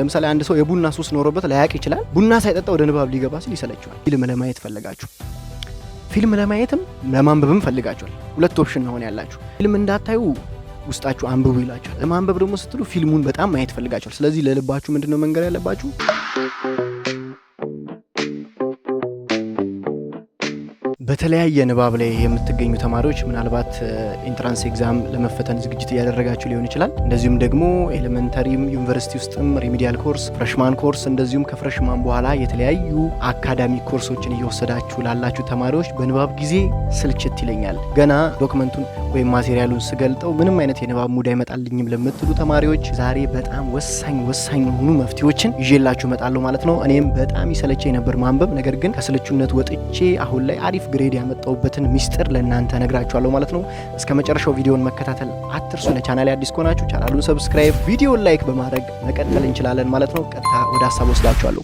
ለምሳሌ አንድ ሰው የቡና ሱስ ኖሮበት ላያቅ ይችላል። ቡና ሳይጠጣ ወደ ንባብ ሊገባ ሲል ይሰለችዋል። ፊልም ለማየት ፈልጋችሁ ፊልም ለማየትም ለማንበብም ፈልጋችኋል። ሁለት ኦፕሽን ነው ያላችሁ። ፊልም እንዳታዩ ውስጣችሁ አንብቡ ይላችኋል። ለማንበብ ደግሞ ስትሉ ፊልሙን በጣም ማየት ፈልጋችኋል። ስለዚህ ለልባችሁ ምንድነው መንገድ ያለባችሁ? በተለያየ ንባብ ላይ የምትገኙ ተማሪዎች ምናልባት ኢንትራንስ ኤግዛም ለመፈተን ዝግጅት እያደረጋችሁ ሊሆን ይችላል። እንደዚሁም ደግሞ ኤሌመንተሪም ዩኒቨርሲቲ ውስጥም ሪሚዲያል ኮርስ፣ ፍረሽማን ኮርስ እንደዚሁም ከፍረሽማን በኋላ የተለያዩ አካዳሚ ኮርሶችን እየወሰዳችሁ ላላችሁ ተማሪዎች በንባብ ጊዜ ስልችት ይለኛል፣ ገና ዶክመንቱን ወይም ማቴሪያሉን ስገልጠው ምንም አይነት የንባብ ሙድ አይመጣልኝም ለምትሉ ተማሪዎች ዛሬ በጣም ወሳኝ ወሳኝ የሆኑ መፍትሄዎችን ይዤላችሁ እመጣለሁ ማለት ነው። እኔም በጣም ይሰለቼ ነበር ማንበብ፣ ነገር ግን ከስልቹነት ወጥቼ አሁን ላይ አሪፍ ትሬድ ያመጣውበትን ሚስጥር ለእናንተ ነግራችኋለሁ ማለት ነው። እስከ መጨረሻው ቪዲዮን መከታተል አትርሱ። ለቻናሌ አዲስ ከሆናችሁ ቻናሉን ሰብስክራይብ፣ ቪዲዮን ላይክ በማድረግ መቀጠል እንችላለን ማለት ነው። ቀጥታ ወደ ሀሳብ ወስዳችኋለሁ።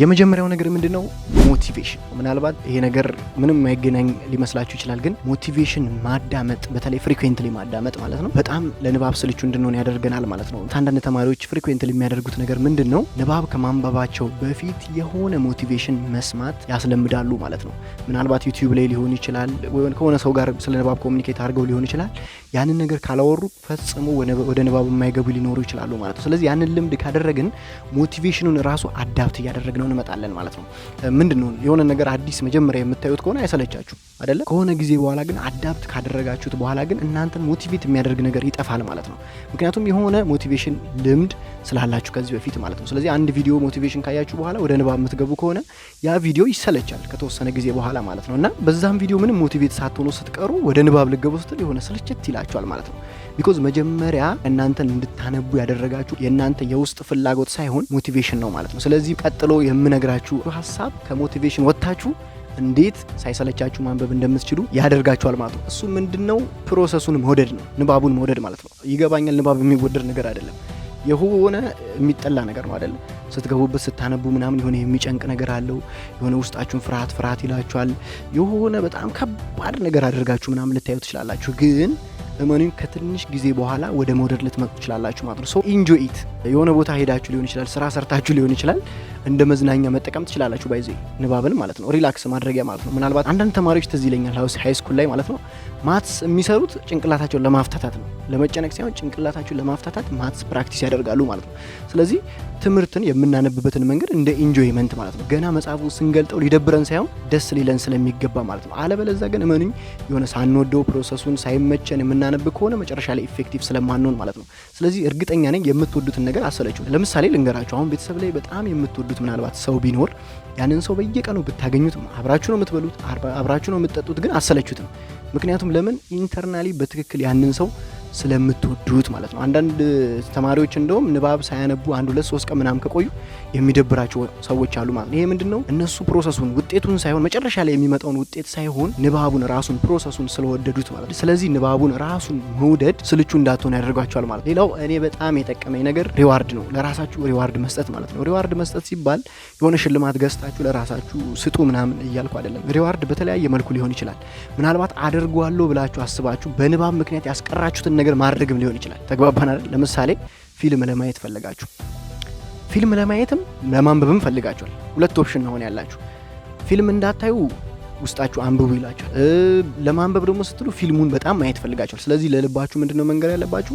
የመጀመሪያው ነገር ምንድን ነው? ሞቲቬሽን። ምናልባት ይሄ ነገር ምንም የማይገናኝ ሊመስላችሁ ይችላል፣ ግን ሞቲቬሽን ማዳመጥ፣ በተለይ ፍሪኩዌንትሊ ማዳመጥ ማለት ነው በጣም ለንባብ ስልቹ እንድንሆን ያደርገናል ማለት ነው። አንዳንድ ተማሪዎች ፍሪኩዌንትሊ የሚያደርጉት ነገር ምንድን ነው? ንባብ ከማንበባቸው በፊት የሆነ ሞቲቬሽን መስማት ያስለምዳሉ ማለት ነው። ምናልባት ዩቲዩብ ላይ ሊሆን ይችላል፣ ከሆነ ሰው ጋር ስለ ንባብ ኮሚኒኬት አድርገው ሊሆን ይችላል። ያንን ነገር ካላወሩ ፈጽሞ ወደ ንባብ የማይገቡ ሊኖሩ ይችላሉ ማለት ነው። ስለዚህ ያንን ልምድ ካደረግን ሞቲቬሽኑን ራሱ አዳፕት እያደረግነው እንመጣለን ማለት ነው። ምንድን ነው የሆነ ነገር አዲስ መጀመሪያ የምታዩት ከሆነ አይሰለቻችሁ አደለ ከሆነ ጊዜ በኋላ ግን አዳፕት ካደረጋችሁት በኋላ ግን እናንተን ሞቲቬት የሚያደርግ ነገር ይጠፋል ማለት ነው። ምክንያቱም የሆነ ሞቲቬሽን ልምድ ስላላችሁ ከዚህ በፊት ማለት ነው። ስለዚህ አንድ ቪዲዮ ሞቲቬሽን ካያችሁ በኋላ ወደ ንባብ የምትገቡ ከሆነ ያ ቪዲዮ ይሰለቻል ከተወሰነ ጊዜ በኋላ ማለት ነው እና በዛም ቪዲዮ ምንም ሞቲቬት ሳትሆኑ ስትቀሩ ወደ ንባብ ልገቡ ስትል የሆነ ስልችት ይላቸዋል ማለት ነው። ቢኮዝ መጀመሪያ እናንተን እንድታነቡ ያደረጋችሁ የእናንተ የውስጥ ፍላጎት ሳይሆን ሞቲቬሽን ነው ማለት ነው። ስለዚህ ቀጥሎ የምነግራችሁ ሀሳብ ከሞቲቬሽን ወጥታችሁ እንዴት ሳይሰለቻችሁ ማንበብ እንደምትችሉ ያደርጋችኋል ማለት ነው። እሱ ምንድነው? ፕሮሰሱን መውደድ ነው፣ ንባቡን መውደድ ማለት ነው። ይገባኛል፣ ንባብ የሚወደድ ነገር አይደለም። የሆነ የሚጠላ ነገር ነው አይደለ? ስትገቡበት ስታነቡ ምናምን የሆነ የሚጨንቅ ነገር አለው። የሆነ ውስጣችሁን ፍርሃት ፍርሃት ይላችኋል። የሆነ በጣም ከባድ ነገር አድርጋችሁ ምናምን ልታዩ ትችላላችሁ። ግን እመኑኝ ከትንሽ ጊዜ በኋላ ወደ መውደድ ልትመጡ ትችላላችሁ ማለት ነው። ሶ ኢንጆይት የሆነ ቦታ ሄዳችሁ ሊሆን ይችላል፣ ስራ ሰርታችሁ ሊሆን ይችላል። እንደ መዝናኛ መጠቀም ትችላላችሁ። ባይዘ ንባብን ማለት ነው፣ ሪላክስ ማድረጊያ ማለት ነው። ምናልባት አንዳንድ ተማሪዎች ትዝ ይለኛል ሀውስ ሃይስኩል ላይ ማለት ነው ማትስ የሚሰሩት ጭንቅላታቸውን ለማፍታታት ነው፣ ለመጨነቅ ሳይሆን ጭንቅላታቸውን ለማፍታታት ማትስ ፕራክቲስ ያደርጋሉ ማለት ነው። ስለዚህ ትምህርትን የምናነብበትን መንገድ እንደ ኢንጆይመንት ማለት ነው። ገና መጽሐፉ ስንገልጠው ሊደብረን ሳይሆን ደስ ሊለን ስለሚገባ ማለት ነው። አለበለዛ ግን እመኑኝ የሆነ ሳንወደው ፕሮሰሱን ሳይመቸን የምናነብ ከሆነ መጨረሻ ላይ ኢፌክቲቭ ስለማንሆን ማለት ነው። ስለዚህ እርግጠኛ ነኝ የምትወዱትን ነገር አሰለችው። ለምሳሌ ልንገራችሁ። አሁን ቤተሰብ ላይ በጣም የምትወዱት ምናልባት ሰው ቢኖር ያንን ሰው በየቀኑ ብታገኙት አብራችሁ ነው የምትበሉት፣ አብራችሁ ነው የምትጠጡት፣ ግን አሰለችሁትም። ምክንያቱም ለምን ኢንተርናሊ በትክክል ያንን ሰው ስለምትወዱት ማለት ነው። አንዳንድ ተማሪዎች እንደውም ንባብ ሳያነቡ አንድ ሁለት ሶስት ቀን ምናምን ከቆዩ የሚደብራቸው ሰዎች አሉ ማለት ነው። ይሄ ምንድን ነው? እነሱ ፕሮሰሱን ውጤቱን ሳይሆን መጨረሻ ላይ የሚመጣውን ውጤት ሳይሆን ንባቡን ራሱን ፕሮሰሱን ስለወደዱት ማለት ነው። ስለዚህ ንባቡን ራሱን መውደድ ስልቹ እንዳትሆን ያደርጓቸዋል ማለት ነው። ሌላው እኔ በጣም የጠቀመኝ ነገር ሪዋርድ ነው። ለራሳችሁ ሪዋርድ መስጠት ማለት ነው። ሪዋርድ መስጠት ሲባል የሆነ ሽልማት ገዝታችሁ ለራሳችሁ ስጡ ምናምን እያልኩ አይደለም። ሪዋርድ በተለያየ መልኩ ሊሆን ይችላል። ምናልባት አድርጓለ ብላችሁ አስባችሁ በንባብ ምክንያት ያስቀራችሁትን ነገር ማድረግም ሊሆን ይችላል። ተግባባን አይደል? ለምሳሌ ፊልም ለማየት ፈልጋችሁ ፊልም ለማየትም ለማንበብም ፈልጋችኋል። ሁለት ኦፕሽን ነው ያላችሁ። ፊልም እንዳታዩ ውስጣችሁ አንብቡ ይላችኋል። ለማንበብ ደግሞ ስትሉ ፊልሙን በጣም ማየት ፈልጋችኋል። ስለዚህ ለልባችሁ ምንድነው መንገድ ያለባችሁ?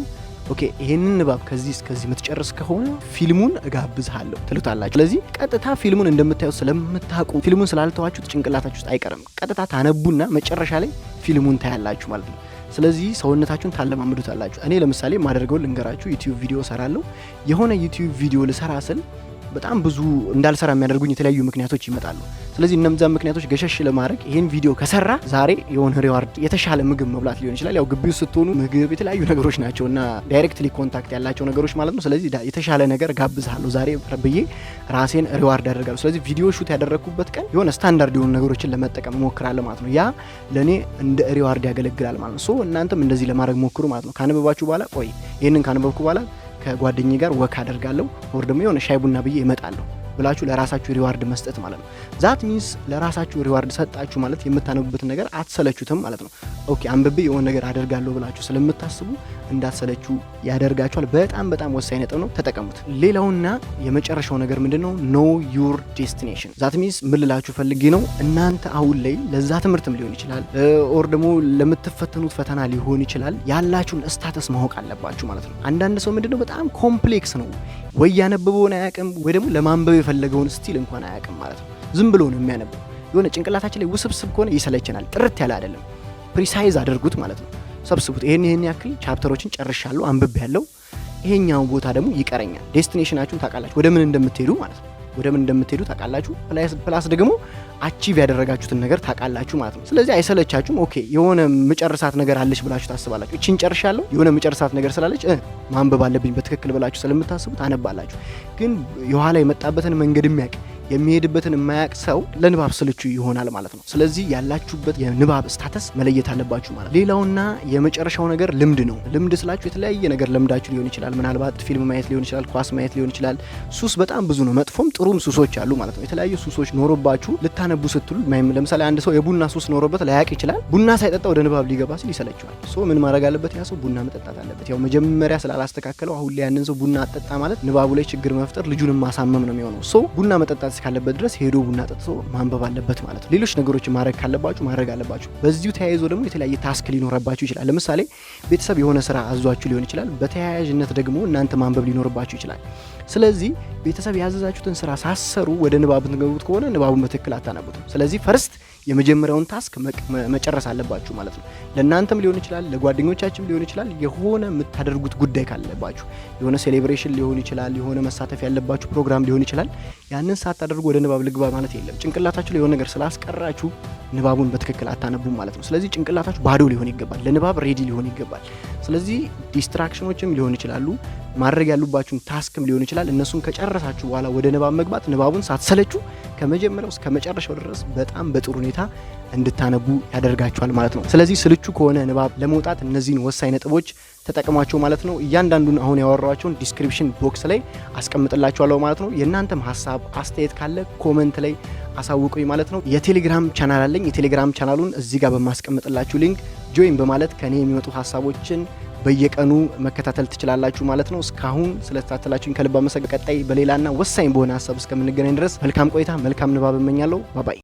ኦኬ ይህንን ንባብ ከዚህ እስከዚህ የምትጨርስ ከሆነ ፊልሙን እጋብዝሃለሁ ትሉታላችሁ። ስለዚህ ቀጥታ ፊልሙን እንደምታዩት ስለምታቁ ፊልሙን ስላልተዋችሁ ጭንቅላታችሁ ውስጥ አይቀርም። ቀጥታ ታነቡና መጨረሻ ላይ ፊልሙን ታያላችሁ ማለት ነው። ስለዚህ ሰውነታችሁን ታለማምዱታላችሁ። እኔ ለምሳሌ ማደርገው ልንገራችሁ። ዩቲዩብ ቪዲዮ ሰራለሁ። የሆነ ዩቲዩብ ቪዲዮ ልሰራ ስል በጣም ብዙ እንዳልሰራ የሚያደርጉኝ የተለያዩ ምክንያቶች ይመጣሉ። ስለዚህ እነዚያ ምክንያቶች ገሸሽ ለማድረግ ይህን ቪዲዮ ከሰራ ዛሬ የሆነ ሪዋርድ የተሻለ ምግብ መብላት ሊሆን ይችላል። ያው ግቢው ስትሆኑ ምግብ የተለያዩ ነገሮች ናቸው እና ዳይሬክትሊ ኮንታክት ያላቸው ነገሮች ማለት ነው። ስለዚህ የተሻለ ነገር ጋብዝሃለሁ ዛሬ ብዬ ራሴን ሪዋርድ ያደርጋሉ። ስለዚህ ቪዲዮ ሹት ያደረግኩበት ቀን የሆነ ስታንዳርድ የሆኑ ነገሮችን ለመጠቀም እሞክራለሁ ማለት ነው። ያ ለእኔ እንደ ሪዋርድ ያገለግላል ማለት ነው። ሶ እናንተም እንደዚህ ለማድረግ ሞክሩ ማለት ነው። ካነበባችሁ በኋላ ቆይ ይህንን ካነበብኩ በኋላ ከጓደኝ ጋር ወክ አደርጋለሁ፣ ወር ደግሞ የሆነ ሻይ ቡና ብዬ እመጣለሁ። ብላችሁ ለራሳችሁ ሪዋርድ መስጠት ማለት ነው። ዛት ሚንስ ለራሳችሁ ሪዋርድ ሰጣችሁ ማለት የምታነቡበትን ነገር አትሰለችሁትም ማለት ነው። ኦኬ አንብቤ የሆነ ነገር አደርጋለሁ ብላችሁ ስለምታስቡ እንዳትሰለችሁ ያደርጋችኋል። በጣም በጣም ወሳኝ ነጥብ ነው፣ ተጠቀሙት። ሌላውና የመጨረሻው ነገር ምንድን ነው? ኖ ዩር ዴስቲኔሽን። ዛት ሚንስ ምን ልላችሁ ፈልጌ ነው፣ እናንተ አሁን ላይ ለዛ ትምህርትም ሊሆን ይችላል ኦር ደግሞ ለምትፈተኑት ፈተና ሊሆን ይችላል ያላችሁን ስታተስ ማወቅ አለባችሁ ማለት ነው። አንዳንድ ሰው ምንድነው በጣም ኮምፕሌክስ ነው ወይ ያነበበውን አያውቅም ወይ ደግሞ ለማንበብ የፈለገውን ስቲል እንኳን አያውቅም ማለት ነው። ዝም ብሎ ነው የሚያነበው። የሆነ ጭንቅላታችን ላይ ውስብስብ ከሆነ ይሰለችናል። ጥርት ያለ አይደለም። ፕሪሳይዝ አድርጉት ማለት ነው። ሰብስቡት። ይህን ይህን ያክል ቻፕተሮችን ጨርሻለሁ፣ አንብቤ ያለው ይሄኛውን ቦታ ደግሞ ይቀረኛል። ዴስቲኔሽናችሁን ታውቃላችሁ፣ ወደ ምን እንደምትሄዱ ማለት ነው። ወደ ምን እንደምትሄዱ ታውቃላችሁ። ፕላስ ደግሞ አቺቭ ያደረጋችሁትን ነገር ታውቃላችሁ ማለት ነው። ስለዚህ አይሰለቻችሁም። ኦኬ የሆነ ምጨርሳት ነገር አለች ብላችሁ ታስባላችሁ። እቺን ጨርሻለሁ፣ የሆነ ምጨርሳት ነገር ስላለች ማንበብ አለብኝ በትክክል ብላችሁ ስለምታስቡ ታነባላችሁ። ግን የኋላ የመጣበትን መንገድ የሚያውቅ የሚሄድበትን የማያቅ ሰው ለንባብ ስልቹ ይሆናል ማለት ነው። ስለዚህ ያላችሁበት የንባብ ስታተስ መለየት አለባችሁ ማለት። ሌላውና የመጨረሻው ነገር ልምድ ነው። ልምድ ስላችሁ የተለያየ ነገር ልምዳችሁ ሊሆን ይችላል። ምናልባት ፊልም ማየት ሊሆን ይችላል፣ ኳስ ማየት ሊሆን ይችላል። ሱስ በጣም ብዙ ነው። መጥፎም ጥሩም ሱሶች አሉ ማለት ነው። የተለያዩ ሱሶች ኖሮባችሁ ልታነቡ ስትሉ፣ ለምሳሌ አንድ ሰው የቡና ሱስ ኖሮበት ላያቅ ይችላል። ቡና ሳይጠጣ ወደ ንባብ ሊገባ ሲል ይሰለችዋል። ሶ ምን ማድረግ አለበት? ያ ሰው ቡና መጠጣት አለበት። ያው መጀመሪያ ስላላስተካከለው አሁን ላይ ያንን ሰው ቡና አጠጣ ማለት ንባቡ ላይ ችግር መፍጠር፣ ልጁንም ማሳመም ነው የሚሆነው ሶ ቡና መጠጣት እስካለበት ካለበት ድረስ ሄዶ ቡና ጠጥቶ ማንበብ አለበት ማለት ነው። ሌሎች ነገሮችን ማድረግ ካለባችሁ ማድረግ አለባችሁ። በዚሁ ተያይዞ ደግሞ የተለያየ ታስክ ሊኖረባችሁ ይችላል። ለምሳሌ ቤተሰብ የሆነ ስራ አዟችሁ ሊሆን ይችላል። በተያያዥነት ደግሞ እናንተ ማንበብ ሊኖርባችሁ ይችላል። ስለዚህ ቤተሰብ ያዘዛችሁትን ስራ ሳሰሩ ወደ ንባብ ትገቡት ከሆነ ንባቡን በትክክል አታነቡትም። ስለዚህ ፈርስት የመጀመሪያውን ታስክ መጨረስ አለባችሁ ማለት ነው። ለእናንተም ሊሆን ይችላል፣ ለጓደኞቻችም ሊሆን ይችላል። የሆነ የምታደርጉት ጉዳይ ካለባችሁ የሆነ ሴሌብሬሽን ሊሆን ይችላል፣ የሆነ መሳተፍ ያለባችሁ ፕሮግራም ሊሆን ይችላል። ያንን ሳታደርጉ ወደ ንባብ ልግባ ማለት የለም። ጭንቅላታችሁ ላይ የሆነ ነገር ስላስቀራችሁ ንባቡን በትክክል አታነቡም ማለት ነው። ስለዚህ ጭንቅላታችሁ ባዶ ሊሆን ይገባል፣ ለንባብ ሬዲ ሊሆን ይገባል። ስለዚህ ዲስትራክሽኖችም ሊሆን ይችላሉ ማድረግ ያሉባችሁን ታስክም ሊሆን ይችላል። እነሱን ከጨረሳችሁ በኋላ ወደ ንባብ መግባት ንባቡን ሳትሰለችሁ ከመጀመሪያው እስከ መጨረሻው ድረስ በጣም በጥሩ ሁኔታ እንድታነቡ ያደርጋችኋል ማለት ነው። ስለዚህ ስልቹ ከሆነ ንባብ ለመውጣት እነዚህን ወሳኝ ነጥቦች ተጠቅሟቸው ማለት ነው። እያንዳንዱን አሁን ያወራቸውን ዲስክሪፕሽን ቦክስ ላይ አስቀምጥላችኋለሁ ማለት ነው። የእናንተም ሀሳብ አስተያየት ካለ ኮመንት ላይ አሳውቁኝ ማለት ነው። የቴሌግራም ቻናል አለኝ። የቴሌግራም ቻናሉን እዚህ ጋር በማስቀምጥላችሁ ሊንክ ጆይን በማለት ከእኔ የሚመጡ ሀሳቦችን በየቀኑ መከታተል ትችላላችሁ ማለት ነው። እስካሁን ስለተከታተላችሁኝ ከልብ አመሰግናለሁ። ቀጣይ በሌላና ወሳኝ በሆነ ሀሳብ እስከምንገናኝ ድረስ መልካም ቆይታ፣ መልካም ንባብ እመኛለሁ። ባባይ